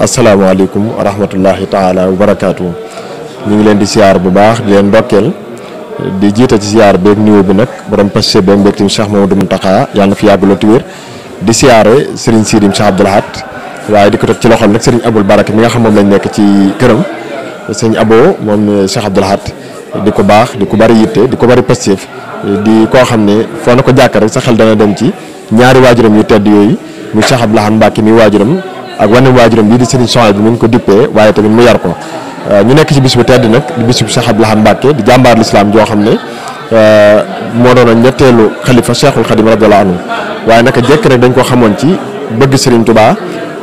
asalaamaaleykum wa rahmatullahi taala wa barakaatu ñu ngi leen di siyaar bu baax di leen ndokkeel di jiite ci siyaar beeg niveau bi nag borom pêche beeg mbégteem Cheikh Mamadou Mountakha yàlla na fi yàgg lool tuwér di siyaare Serigne Sirim Cheikh Abdoul waaye di ko teg ci loxoom nag Serigne Aboul Baraka mi nga xam moom lañ nekk ci këram sëñ Abo moom Cheikh Abdoul Ahad di ko baax di ko bari yitte di ko bari pastéef di koo xam ne foo na ko jàkk rek sa xel dana dem ci ñaari waajuram yu tedd yooyu mu Cheikh Abdoul Ahad Mbacké mi waajuram ak wane waajuram bii di Serigne Souhaïbou bi mu ngi ko dippee waaye tamit mu yar ko euh, ñu nekk ci bis bu tedd nag di bis bu Cheikh Abdou Lahad Mbacké di jàmbaar lislaam joo xam ne euh, moo doon ñetteelu xalifa Cheikhul Khadim radiyallahu anhu waaye naka jekk rek dañ ko xamoon ci bëgg Serigne Touba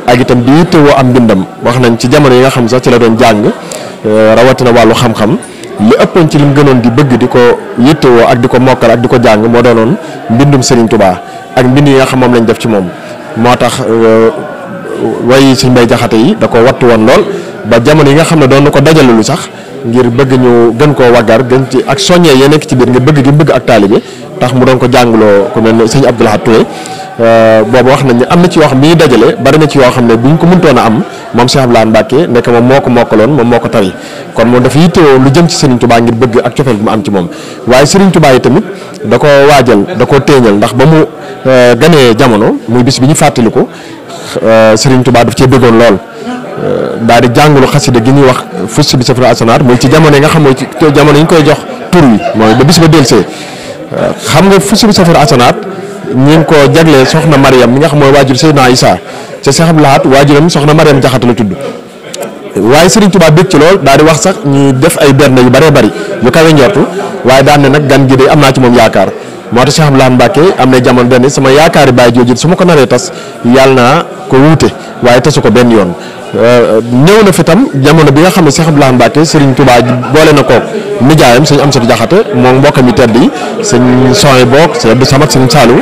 ak itam di yittewoo am mbindam wax nañ ci jamono yi nga xam sax ci la doon jàng euh, rawatina wàllu xam-xam li ëppoon ci lim gënoon di bëgg di ko yittewoo ak di ko mokkal ak di ko jàng moo doonoon mbindum Serigne Touba ak mbind yi nga xam moom lañ def ci moom moo tax wayi suñ mbay jaxate yi da ko wattu woon lool ba jamono yi nga xam ne doon na ko dajale lu sax ngir bëgg ñu gën koo waggar gën ci ak soññee yee ki ci biir nga bëgg gi bëgg ak taalibe tax mu doon ko jàngloo ku mel ne sëñ Abdoulahat Euh, boobu wax na ne am na ci yoo xam bi ñu dajale bari na ci yoo xam ne bu ñu ko mëntoon a am moom Cheikh Abdoulaye Mbacke nekk moom moo ko mokkaloon moom moo ko tari kon moom dafa yittewoo lu jëm ci Serigne Touba ngir bëgg ak cofeel bu mu am ci moom waaye Serigne Touba yi tamit da ko waajal da ko téeñal ndax ba mu euh, ganee jamono muy bis bi ñu fàttaliku euh, Serigne Touba daf cee bëggoon lool. daal di jàngulu xasida gi ñuy wax fës bi safra asanaat mooy ci jamono yi nga xam mooy ci jamono yi ñu koy jox tur wi mooy ba bis ba delsee xam nga fu si safar asanaat ñu ngi ko jagleel soxna Mariam mi nga xam mooy waajur Seydina Isa ca Seex Abdu Lahat waajuram soxna Mariam Jaxate la tudd waaye Serigne tubaab bég ci lool daal di wax sax ñu def ay berne yu bëree bari yu kawe njortu waaye daan ne nag gan ji de am naa ci moom yaakaar. moo tax Cheikh Abdoulaye Mbacke am na jamono dani sama yaakaari baay jooju su ma ko naree tas yàlla naa ko wuute waaye tasu ko benn yoon euh, ñëw na fi tam jamono bi nga xam ne Cheikh Abdoulaye Mbacke Serigne Touba boole na koog nijaayam sëñ Amsatu Jaxate moom mbokkam yi tedd yi sëñ Soy Bok sëñ Abdou Samad sëñ Saalu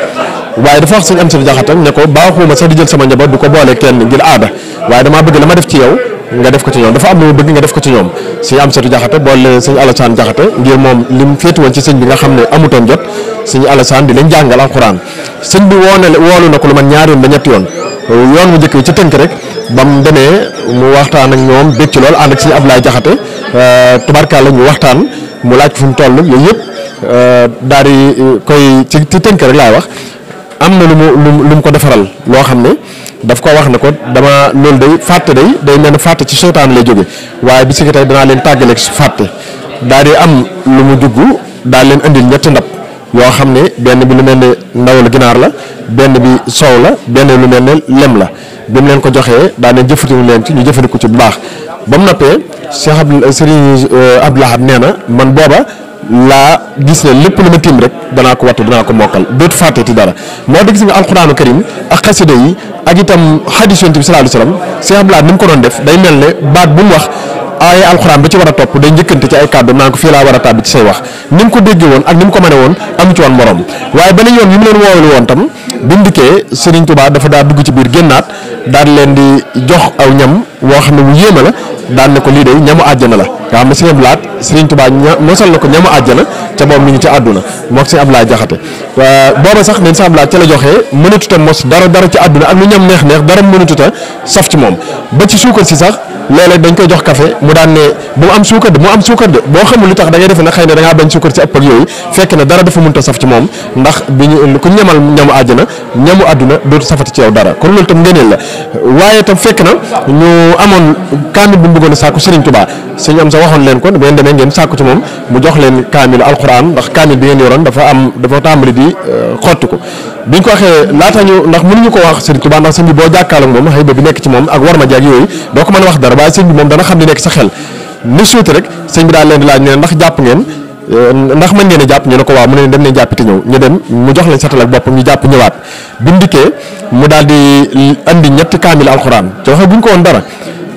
waaye dafa wax sëñ Amsatu Jaxate ne ko baaxuma sax di jël sama njaboot bu ko boole kenn ngir aada waaye damaa bëgg la ma def ci yow nga def ko ci ñoom dafa am lu bëgg nga def ko ci ñoom sëñ Amsatu Jaxate boole sëñ Alassane Jaxate ngir moom lim féeti woon ci sëñ bi nga xam ne amutoon jot sëñ Alassane di leen jàngal alxuraan sëñ bi woone woolu na ko lu man ñaar yoon ba ñetti yoon yoon mu jëkk wi ci tënk rek ba mu demee mu waxtaan ak ñoom bëgg ci lool ànd ak sëñ Ablaye Jaxate euh, tubarkalla ñu waxtaan mu laaj ko fu mu toll yooyu yëpp euh, daal di koy ci ci tënk rek laay wax ko defaral loo xam ne daf ko wax ne ko dama loolu day fàtte day day mel ne fàtte ci seytaane lay jóge waaye bi si tey danaa leen tàggaleeg fàtte daal di am lu mu jugg daa leen indi ñetti ndab yoo xam ne benn bi lu mel ne ndawal ginaar la benn bi soow la benn lu mel ne lem la bi mu leen ko joxee daa ne jëfandiku leen ci ñu jëfandiku ci bu baax ba mu noppee Cheikh Abdou Serigne euh, Abdou Lahad nee na man booba laa gis ne lépp lu ma tiim rek danaa ko wattu danaa ko mokkal dootu fàtteeti dara moo tax gis nga alxuraanu karim ak xasida yi ak itam xadis yonent bi sallallahu alayhi wasallam Cheikh Abdoulaye ni mu ko doon def day mel ne baat bu mu wax. aaya alxuraan ba ci war a topp day njëkkante ci ay kàddu naan ko fii laa war a tàbbi ci say wax ni mu ko déggee woon ak ni mu ko mënee woon amu ci woon morom waaye beneen yoon yi mu leen woowul woon tam bi mu dikkee dafa daa dugg ci biir génnaat daan leen di jox aw ñam woo xam ne wu yéeme la daan ne ko lii de ñamu àjjana la nga xam ne Sëriñ Blaat Sëriñ Tuubaa ña mosal na ko ñamu àjjana ca boobu mi ngi ci àdduna moog si Ablaye Jaxate booba sax neen si Ablaye ca la joxee mënatuta mos dara dara ci àdduna moom ba ci suukar si sax léeg-léeg dañ koy jox café mu daan ne bu mu am suukar boo xamul lu tax da da ngaa bañ na dara dafa mënut a saf ci moom ndax bi ñu ku ñamal ñamu àjjana ñamu àdduna dootu safati ci yow dara kon loolu tam ngëneel la waaye tam fekk na ñu amoon kaamil bu mu bëggoon a sàkku Serigne Touba am sa waxoon leen ko bu ngeen demee ngeen sàkku ci moom mu jox leen kaamilu alxuraan alxuraan ndax kaamil bi ngeen yoroon dafa am dafa tàmbali di euh, xotti ko biñ ko waxee laata ñu ndax mënuñu ko wax sëriñ Tuubaa ndax sëñ bi boo jàkkaarloog moom xëy ba bi nekk ci moom ak war ma jaag yooyu doo ko mën a laaj ne ndax jàpp ngeen euh, ndax mën ngeen a jàpp ñu ne ko waaw mu ne dem leen jàppite ñëw ñu dem mu jox leen satal ak boppam ñu jàpp ñëwaat bi mu dikkee mu daal di andi ñetti kaamil alxuraan te waxee buñ ko woon dara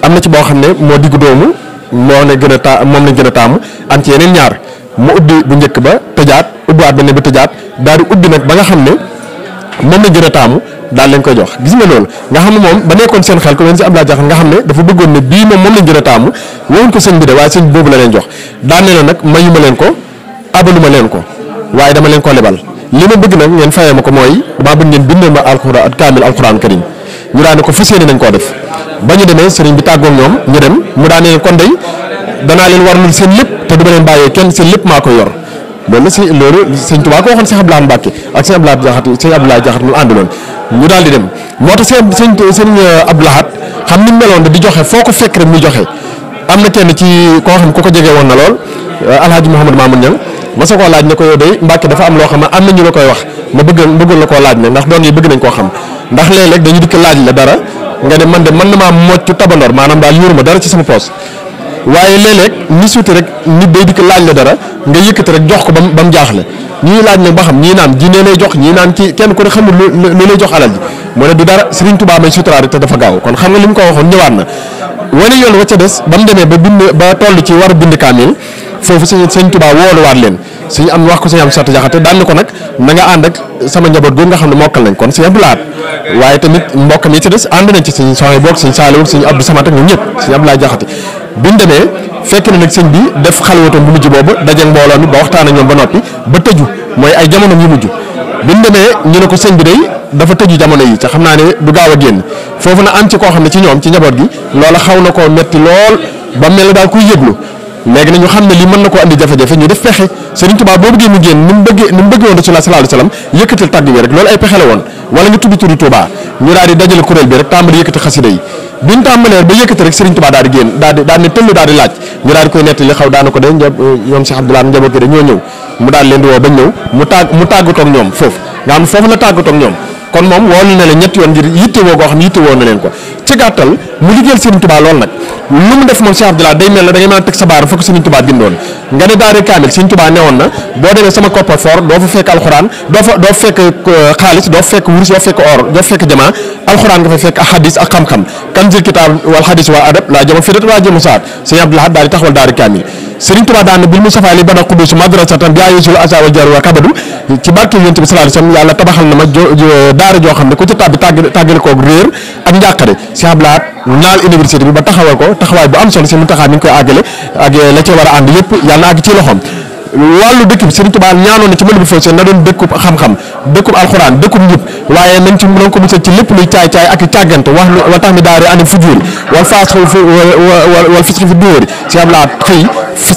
am na ci boo xam ne moo diggu doomu moo ne gën ta moom lañ gën a taamu am ci yeneen ñaar mu ubbi bu njëkk ba tëjaat ubbiwaat beneen bi tëjaat daal di ubbi nag ba nga xam ne moom la gën a taamu daal leen koy jox gis nga loolu nga xam ne moom ba nekkoon seen xel ko leen si Abdoulaye Diakhar nga xam ne dafa bëggoon ne bii moom moom lañ gën a taamu wowuñ ko sëñ bi de waaye sëñ boobu la leen jox daan ne la nag mayuma leen ko abaluma leen ko waaye dama leen ko lebal li ma bëgg nag ngeen fayee ma ko mooy damaa bëgg ngeen bindal ma alxuraan kaamil alxuraan karim ñu ko fas yéene nañ koo def ba ñu demee sëriñ bi tàggoog ñoom ñu dem mu daan ne kon day danaa leen warlul seen lépp te du ma bàyyee kenn seen lépp maa ko yor loolu la si loolu sëñ Tuubaa ko waxoon sëñ Abdoulaye Mbacke ak sëñ Abdoulaye Jaxate sëñ Abdoulaye Jaxate mu ànduloon ñu daal dem moo tax sëñ sëñ sëñ euh, Abdoulaye xam ni meloon de di joxe foo ko fekk rek muy joxe am na kenn ci koo xam ku ko jege woon na lool euh, Alhaji Mouhamad Mamoun Niang ma sa koo laaj ne ko yow day dafa am loo xam ne am na ñu la koy wax ma bëgg bëggul la koo laaj ne ndax doon yi bëgg nañ koo xam ndax léeg-léeg dañu dikk laaj la dara nga ne man dem man na maa mocc tabandoor maanaam daal yóoru ma dara ci sama poos waaye léeg-léeg ni suuti rek nit day dikk laaj la dara nga yëkkati rek jox ko ba mu jaax mu jaaxle ñuy laaj nag ba xam ñii naan ji nee lay jox ñii naan kii kenn ku ne xamul lu lay jox alal ji mu ne du dara Serigne Touba dafa gaaw kon xam nga li mu ko waxoon ñëwaat na. wane yoon wa ca des ba mu demee ba a bind kaamil foofu sëñ sëñ Touba suñu am wax ko suñu am sotti jaxate daan na ko nag na nga ànd ak sama njaboot googu nga xam ne mokkal nañ kon suñu Abdou Lahad waaye tamit mbokk mi ci des ànd nañ ci suñu soxna boog suñu Saliou jaxate biñ demee fekk na nag sëñ bi def xalwatam bu mujj boobu daje mbooloo mi ba waxtaan ñoom ba noppi ba tëju mooy ay jamono yu mujj biñ demee ñu ne ko sëñ bi dey dafa tëju jamono yi te xam naa ne du gaaw a génn foofu na am ci koo xam ne ci ñoom ci njaboot gi loola xaw na koo metti lool ba mel daal kuy yëglu léegi nag ñu xam ne lii mën na koo andi jafe-jafe ñu def pexe Serigne Touba boo bëggee mu génn ni mu bëggee ni mu bëggee woon Rasulullah sallallahu alayhi wasallam yëkkatal tàgg bi rek loolu ay pexe la woon wala nga tudd turu Touba ñu daal di dajale kuréel bi rek tàmbali yëkkati xasida yi bi ñu ba yëkkati rek Serigne Touba daal di génn daal di daal daal di laaj ñu daal di koy nettali xaw daana ko de ñoom Cheikh Abdoulaye njaboot gi de ñoo ñëw kon moom woolu na la ñetti yoon ngir yittewoo goo xam yittewoo na leen ko ci gàttal mu liggéeyal Serigne Touba lool nag lu mu def moom Cheikh Abdoulaye day mel ne da ngay mën a teg sa baar fokk Serigne Touba bindoon nga ne daare kaamil Serigne Touba newoon na boo demee sama coffre-fort doo fa fekk alxuraan doo fa doo fekk euh, xaalis doo fekk wurus doo fekk or doo fekk kan jël kitaab wal xadis waa adab laa jama fidat wala jëma saat Serigne daal di taxawal daare kaamil Serigne Touba daan na bil Mustafa li bana xuddu si madrasatan bi ayisul asa wa jaru wa kabadu ci barke yonent bi sallallahu alayhi wasallam tabaxal na ma daara joo xam ne ku ci tàbbi tàgg ko koog réer ak njàqare si ablaat naal université bi ba taxawal ko taxawaay bu am solo si mu taxaa mi ngi koy la ci war a ànd yëpp yàlla ci loxoom wàllu dëkk bi Serigne Touba ñaanoon na ci mën bi foofu na doon dëkkub xam-xam dëkkub alxuraan dëkkub njub waaye nañ ci nañ ko musal ci lépp luy caay-caay ak càggante wax wa tax mi daari ani fujuur wal faas wal fi dóori si am laa xëy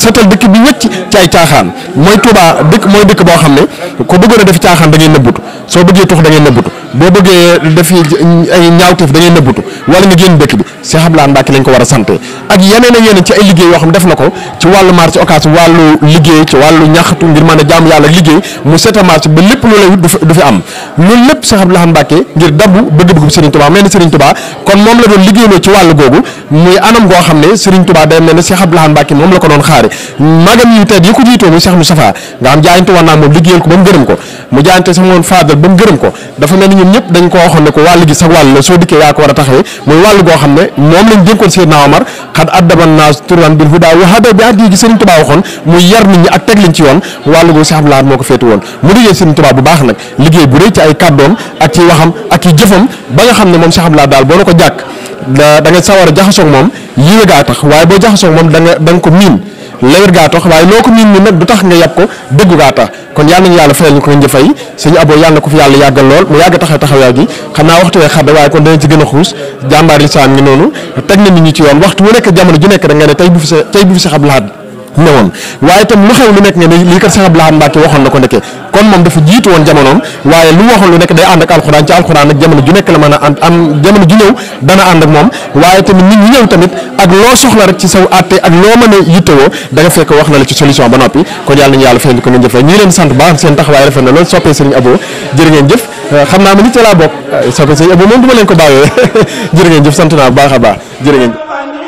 setal dëkk bi wëcc ci ay caaxaan mooy Touba dëkk mooy dëkk boo xam ne ko bëggoon a def caaxaan da ngay nëbbutu soo bëggee tux da ngay nëbbutu boo bëggee def ay ñaawteef da ngay nëbbutu wala nga génn dëkk Cheikh Abdoulaye Mbacke lañ ko war a sant ak yeneen a yeneen ci ay liggéey yoo xam def na ko ci wàllu marché occasion wàllu liggéey ci wàllu ñaxtu ngir mën a jaamu yàlla liggéey mu seta marché ba lépp loolu lay du fi am loolu lépp Cheikh Abdoulaye Mbacke ngir dabbu bëgg-bëggu Serigne Touba mel ni Serigne Touba kon moom la doon liggéey ci wàllu googu muy anam goo xam ne Serigne Touba day mel ne Cheikh Abdoulaye ko doon xaare magam yu tedd yi ko jiitoo muy Cheikh Moustapha nga xam jaayante woon naa moom liggéeyal ko ba mu gërëm ko mu jaayante sax moom ne ko ko war a taxawee muy wàll goo xam ne moom lañ dénkoon Seydina Omar xat addaban naa turan bil huda wa moo ko féetu woon mu liggéey Serigne Touba bu baax nag liggéey bu rëy ci ay kàddoom ak ci waxam ak ci jëfam ba nga xam ne moom Cheikh laa daal boo na ko jàkk da da sawar a jaxasoo moom yiwe gaa tax waaye boo jaxasoo moom da nga da nga ko miin lewet gaa tax waaye loo ko miin miin nag du tax nga yab ko dëggu gaa tax kon yàlla nañu yàlla fayal ñu ko nga njëfay suñu aboo yàlla na ko fi yàlla yàggal lool mu yàgg taxaw taxawaay gi xam naa waxtu wee xadda waaye kon danañ ci gën a xuus jàmbaar lisaan ngi noonu teg na nit ñi ci yoon waxtu wu nekk jamono ju nekk da ne tey bu fi sa tey bu fi sa laat newoon waaye itam lu xew lu nekk ne lii kat Cheikh Abdoul Ahad Mbacké waxoon na ko ndekke kon moom dafa jiitu woon jamonoom waaye lu waxoon lu nekk day ànd ak alxuraan ci alxuraan nag jamono ju nekk la mën a am jamono ju ak moom waaye tamit rek ci saw àtte ak loo mën a yittewoo da fekk wax na la ci solution ba noppi kon yàlla nañu yàlla fayal ko ngeen jëf la ñu leen sant baax seen taxawaay rafet na lool soppee Serigne Abo jërë jëf euh, xam naa ma nit ca laa euh, ko bàyyee jërë ngeen jëf sant naa bu baax a baax jërë ngeen